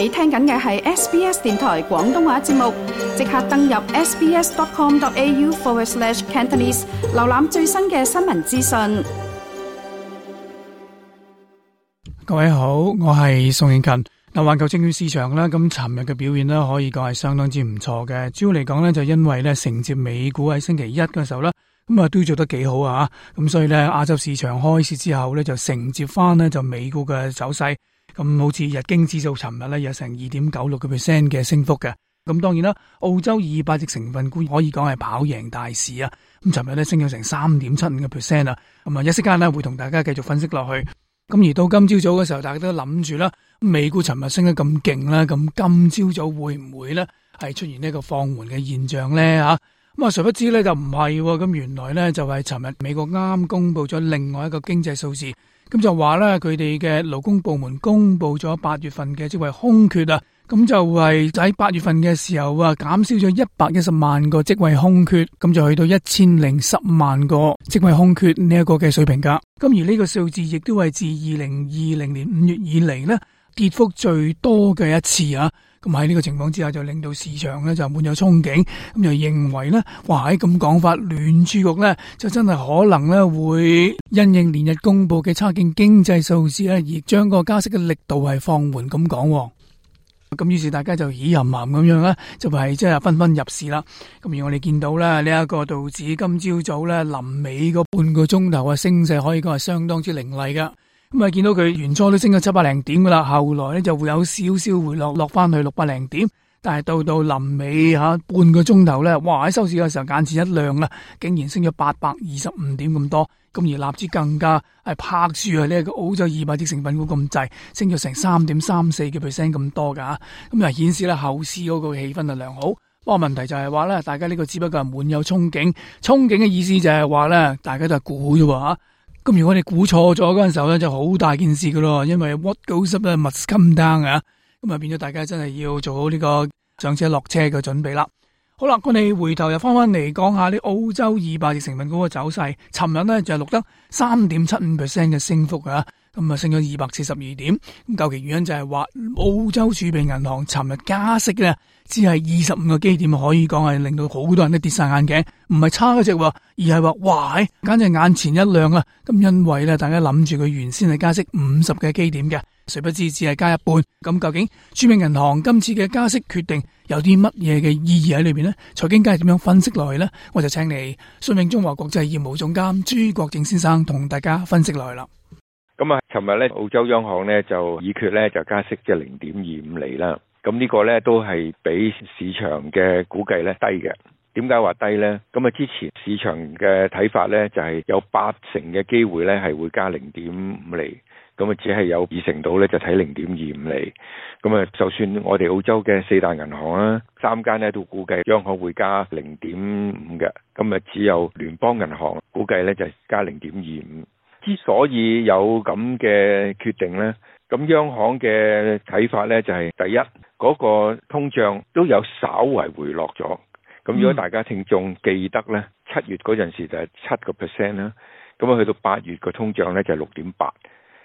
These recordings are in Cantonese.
你聽緊嘅係 SBS 電台廣東話節目，即刻登入 sbs.com.au forward slash cantonese，瀏覽最新嘅新聞資訊。各位好，我係宋慶勤。嗱，環球證券市場咧，咁尋日嘅表現呢，可以講係相當之唔錯嘅。主要嚟講呢，就因為咧承接美股喺星期一嘅時候呢，咁啊都做得幾好啊，咁所以呢，亞洲市場開始之後呢，就承接翻呢，就美股嘅走勢。咁、嗯、好似日經指數，尋日咧有成二點九六個 percent 嘅升幅嘅。咁、嗯、當然啦，澳洲二百隻成分股可以講係跑贏大市啊。咁尋日咧升咗成三點七五個 percent 啦。咁、嗯、啊，一息間咧會同大家繼續分析落去。咁、嗯、而到今朝早嘅時候，大家都諗住啦，美股尋日升得咁勁啦，咁、嗯、今朝早會唔會咧係出現呢個放緩嘅現象咧？吓咁啊，誰不知咧就唔係喎。咁、嗯、原來咧就係尋日美國啱公布咗另外一個經濟數字。咁就話咧，佢哋嘅勞工部門公布咗八月份嘅職位空缺啊，咁就係喺八月份嘅時候啊，減少咗一百一十萬個職位空缺，咁就去到一千零十萬個職位空缺呢一個嘅水平噶。咁而呢個數字亦都係自二零二零年五月以嚟，呢，跌幅最多嘅一次啊。咁喺呢個情況之下，就令到市場呢就滿有憧憬，咁就認為呢，哇喺咁講法，聯儲局呢，就真係可能呢會因應連日公布嘅差勁經濟數字呢，而將個加息嘅力度係放緩咁講啊。咁於是大家就耳又冇咁樣啦，就係即係紛紛入市啦。咁而我哋見到呢，呢一個道指今朝早呢臨尾嗰半個鐘頭啊，升勢可以講係相當之凌厲噶。咁、嗯、啊，見到佢原初都升咗七百零點噶啦，後來咧就會有少少回落，落翻去六百零點。但係到到臨尾吓、啊、半個鐘頭咧，哇喺收市嘅時候眼前一亮啊，竟然升咗八百二十五點咁多。咁而納指更加係拍住啊，呢、這個澳洲二百隻成分股咁滯，升咗成三點三四嘅 percent 咁多噶吓、啊。咁又顯示啦後市嗰個氣氛就良好。不過問題就係話咧，大家呢個只不過係滿有憧憬，憧憬嘅意思就係話咧，大家都係估啫吓。咁如果你估錯咗嗰陣時候咧，就好大件事噶咯，因為 what goes up 咧，must come down 啊，咁啊變咗大家真係要做好呢個上車落車嘅準備啦。好啦，我哋回頭又翻翻嚟講下呢澳洲二百隻成分股嘅走勢，尋日咧就係錄得三點七五 percent 嘅升幅啊，咁啊升咗二百四十二點，咁究其原因就係話澳洲儲備銀行尋日加息咧，只係二十五個基點，可以講係令到好多人都跌晒眼鏡，唔係差嗰隻，而係話哇，簡直眼前一亮啊！咁因為咧，大家諗住佢原先係加息五十嘅基點嘅，誰不知只係加一半。咁究竟著名銀行今次嘅加息決定有啲乜嘢嘅意義喺裏邊呢？財經界點樣分析落去呢？我就請嚟信永中和國際業務總監朱國正先生同大家分析落去啦。咁啊，尋日咧，澳洲央行咧就議決咧就加息即係零點二五厘啦。咁呢個呢都係比市場嘅估計呢低嘅。點解話低呢？咁啊之前市場嘅睇法呢就係有八成嘅機會呢係會加零點五釐，咁啊只係有二成度呢就睇零點二五釐。咁啊就算我哋澳洲嘅四大銀行啦，三間呢都估計央行會加零點五嘅，咁啊只有聯邦銀行估計呢就係加零點二五。之所以有咁嘅決定呢，咁央行嘅睇法呢就係第一。嗰個通脹都有稍為回落咗。咁如果大家聽眾記得呢，七月嗰陣時就係七個 percent 啦，咁啊去到八月個通脹呢，就係六點八，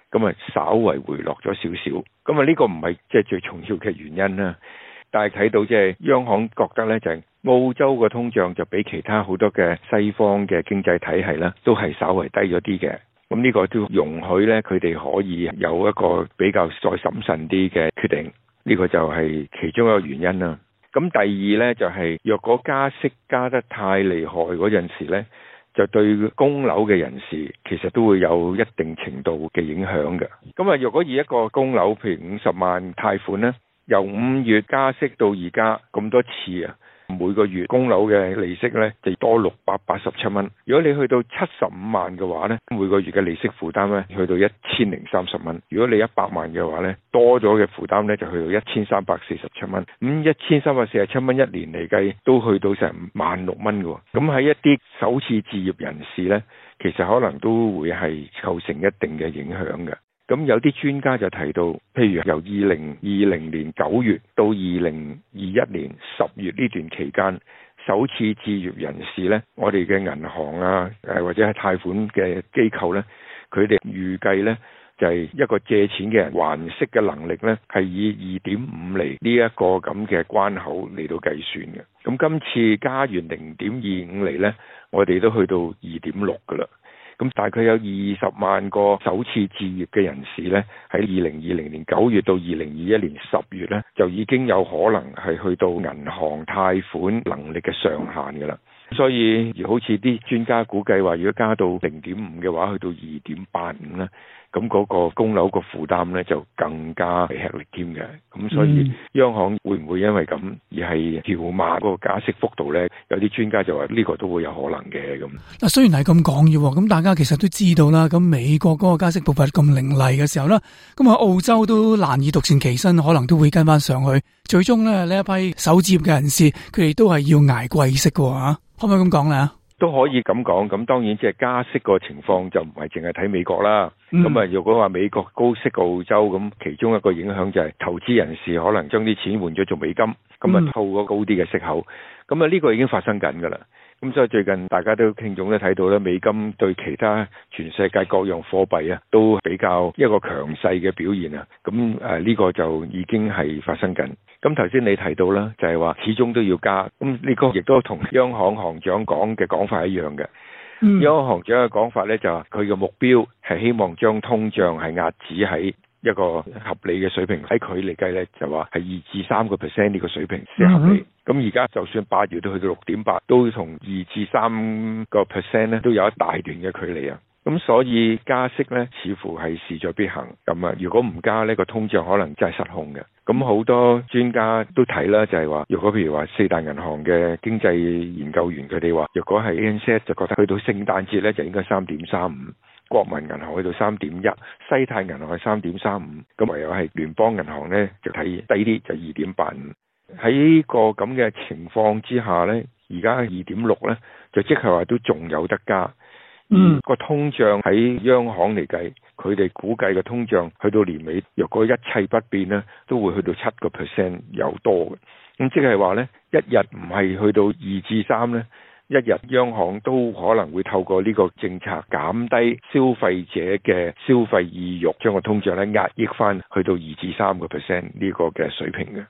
咁啊稍為回落咗少少。咁啊呢個唔係即係最重要嘅原因啦。但係睇到即係央行覺得呢，就係澳洲個通脹就比其他好多嘅西方嘅經濟體系呢，都係稍為低咗啲嘅。咁呢個都容許呢，佢哋可以有一個比較再審慎啲嘅決定。呢、這個就係其中一個原因啦。咁第二呢、就是，就係，若果加息加得太厲害嗰陣時咧，就對供樓嘅人士其實都會有一定程度嘅影響嘅。咁啊，若果以一個供樓譬如五十萬貸款呢，由五月加息到而家咁多次啊。每個月供樓嘅利息咧，就多六百八十七蚊。如果你去到七十五萬嘅話咧，每個月嘅利息負擔咧，去到一千零三十蚊。如果你一百萬嘅話咧，多咗嘅負擔咧，就去到一千三百四十七蚊。咁一千三百四十七蚊一年嚟計，都去到成萬六蚊嘅。咁喺一啲首次置業人士咧，其實可能都會係構成一定嘅影響嘅。咁有啲專家就提到，譬如由二零二零年九月到二零二一年十月呢段期間，首次置業人士呢，我哋嘅銀行啊，誒或者係貸款嘅機構呢，佢哋預計呢，就係、是、一個借錢嘅人還息嘅能力呢，係以二點五厘呢一個咁嘅關口嚟到計算嘅。咁今次加完零點二五厘呢，我哋都去到二點六噶啦。咁大概有二十萬個首次置業嘅人士呢，喺二零二零年九月到二零二一年十月呢，就已經有可能係去到銀行貸款能力嘅上限㗎啦。所以而好似啲專家估計話，如果加到零點五嘅話，去到二點八五呢。咁嗰個供樓個負擔咧就更加吃力添嘅，咁所以央行會唔會因為咁而係調慢個加息幅度咧？有啲專家就話呢個都會有可能嘅。咁。嗱，雖然係咁講嘅，咁大家其實都知道啦。咁美國嗰個加息步伐咁凌厲嘅時候啦，咁啊澳洲都難以獨善其身，可能都會跟翻上去。最終咧呢一批首置業嘅人士，佢哋都係要捱貴息嘅嚇，可唔可以咁講咧啊？都可以咁講，咁當然即係加息個情況就唔係淨係睇美國啦。咁啊，如果話美國高息澳洲，咁其中一個影響就係投資人士可能將啲錢換咗做美金，咁啊套個高啲嘅息口，咁啊呢個已經發生緊噶啦。咁所以最近大家都聽眾都睇到咧，美金對其他全世界各樣貨幣啊，都比較一個強勢嘅表現啊。咁誒呢個就已經係發生緊。咁頭先你提到啦，就係話始終都要加。咁呢個亦都同央行行長講嘅講法一樣嘅。嗯。央行行長嘅講法咧，就話佢嘅目標係希望將通脹係壓止喺一個合理嘅水平，喺佢嚟計咧就話係二至三個 percent 呢個水平先合理。嗯咁而家就算八月都去到六點八，都同二至三個 percent 咧都有一大段嘅距離啊！咁所以加息咧似乎係事在必行咁啊！如果唔加呢個通脹，可能真係失控嘅。咁好多專家都睇啦，就係話，如果譬如話四大銀行嘅經濟研究員佢哋話，如果係 ANZ 就覺得去到聖誕節咧就應該三點三五，國民銀行去到三點一，西太銀行係三點三五，咁唯有係聯邦銀行咧就睇低啲，就二點八五。喺個咁嘅情況之下呢，而家係二點六呢，就即係話都仲有得加。嗯，個通脹喺央行嚟計，佢哋估計嘅通脹去到年尾，若果一切不變呢都會去到七個 percent 有多嘅。咁即係話呢一日唔係去到二至三呢一日央行都可能會透過呢個政策減低消費者嘅消費意欲，將個通脹咧壓抑翻去到二至三個 percent 呢個嘅水平嘅。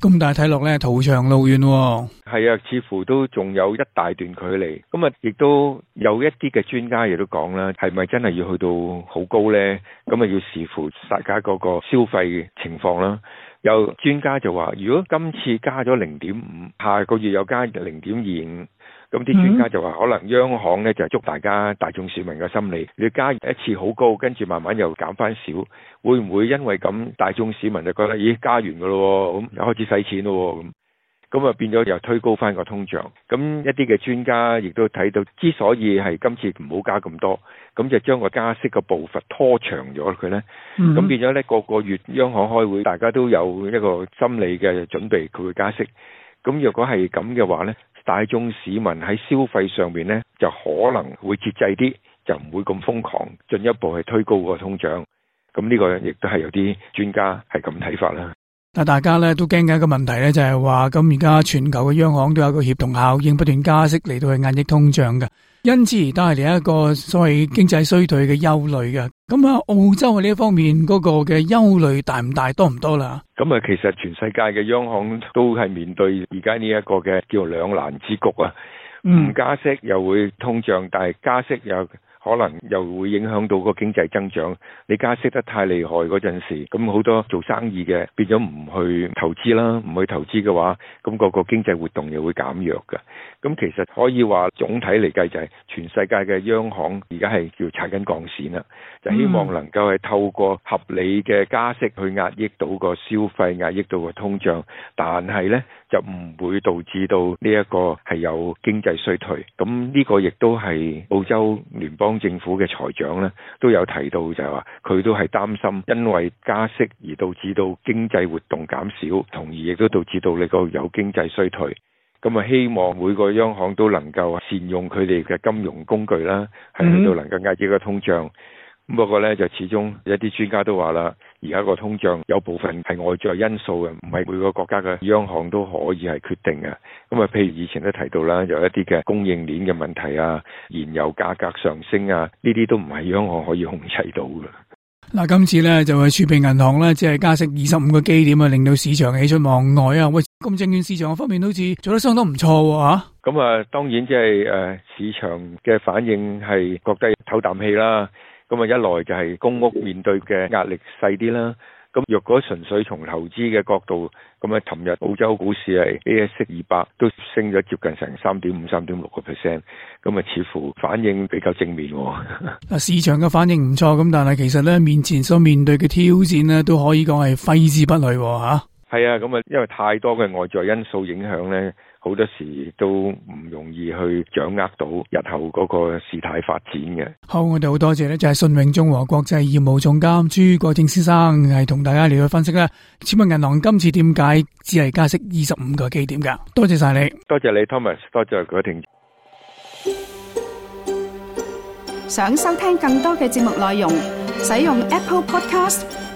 咁大睇落咧，途長路遠哦，係啊，似乎都仲有一大段距離。咁啊，亦都有一啲嘅專家亦都講啦，係咪真係要去到好高呢？咁啊，要視乎大家嗰個消費情況啦。有專家就話，如果今次加咗零點五，下個月又加零點二五。咁啲專家就話，可能央行咧就係捉大家、大眾市民嘅心理，你加一次好高，跟住慢慢又減翻少，會唔會因為咁大眾市民就覺得，咦，加完噶咯，咁又開始使錢咯，咁咁啊變咗又推高翻個通脹。咁一啲嘅專家亦都睇到，之所以係今次唔好加咁多，咁就將個加息嘅步伐拖長咗佢咧。咁變咗咧，個個月央行開會，大家都有一個心理嘅準備，佢會加息。咁若果係咁嘅話咧，大眾市民喺消費上面呢，就可能會節制啲，就唔會咁瘋狂，進一步去推高個通脹。咁呢個亦都係有啲專家係咁睇法啦。啊！大家咧都驚緊一個問題咧，就係話咁而家全球嘅央行都有個協同效應，不斷加息嚟到去壓抑通脹嘅，因此而帶嚟一個所謂經濟衰退嘅憂慮嘅。咁啊，澳洲嘅呢一方面嗰個嘅憂慮大唔大，多唔多啦？咁、嗯、啊，其實全世界嘅央行都係面對而家呢一個嘅叫兩難之局啊！唔加息又會通脹，但係加息又。可能又會影響到個經濟增長。你加息得太厲害嗰陣時，咁好多做生意嘅變咗唔去投資啦，唔去投資嘅話，咁個個經濟活動又會減弱㗎。咁其實可以話總體嚟計就係全世界嘅央行而家係叫踩緊鋼線啦，就希望能夠係透過合理嘅加息去壓抑到個消費，壓抑到個通脹。但係呢就唔會導致到呢一個係有經濟衰退。咁呢個亦都係澳洲聯邦。政府嘅財長咧都有提到就係，就係話佢都係擔心，因為加息而導致到經濟活動減少，同而亦都導致到你個有經濟衰退。咁啊，希望每個央行都能夠善用佢哋嘅金融工具啦，喺度能夠壓抑個通脹。Mm -hmm. 咁不過咧，就始終一啲專家都話啦，而家個通脹有部分係外在因素，唔係每個國家嘅央行都可以係決定嘅。咁啊，譬如以前都提到啦，有一啲嘅供應鏈嘅問題啊，燃油價格上升啊，呢啲都唔係央行可以控制到嘅。嗱，今次咧就係儲備銀行呢，即係加息二十五個基點啊，令到市場喜出望外啊！喂，咁證券市場方面都好似做得相當唔錯吓。咁啊，當然即係誒，市場嘅反應係覺得唞啖氣啦。咁啊，一來就係公屋面對嘅壓力細啲啦。咁若果純粹從投資嘅角度，咁啊，尋日澳洲股市係 ASX200 都升咗接近成三點五、三點六個 percent，咁啊，似乎反應比較正面喎。市場嘅反應唔錯，咁但係其實咧面前所面對嘅挑戰咧，都可以講係揮之不去吓。係啊，咁啊，因為太多嘅外在因素影響咧，好多時都唔容易去掌握到日後嗰個事態發展嘅。好，我哋好多謝咧，就係信永中和國際業務總監朱國正先生係同大家嚟到分析啦。請問銀行今次點解只係加息二十五個基點噶多謝晒，你多謝你，Thomas，多謝佢停。想收聽更多嘅節目內容，使用 Apple Podcast。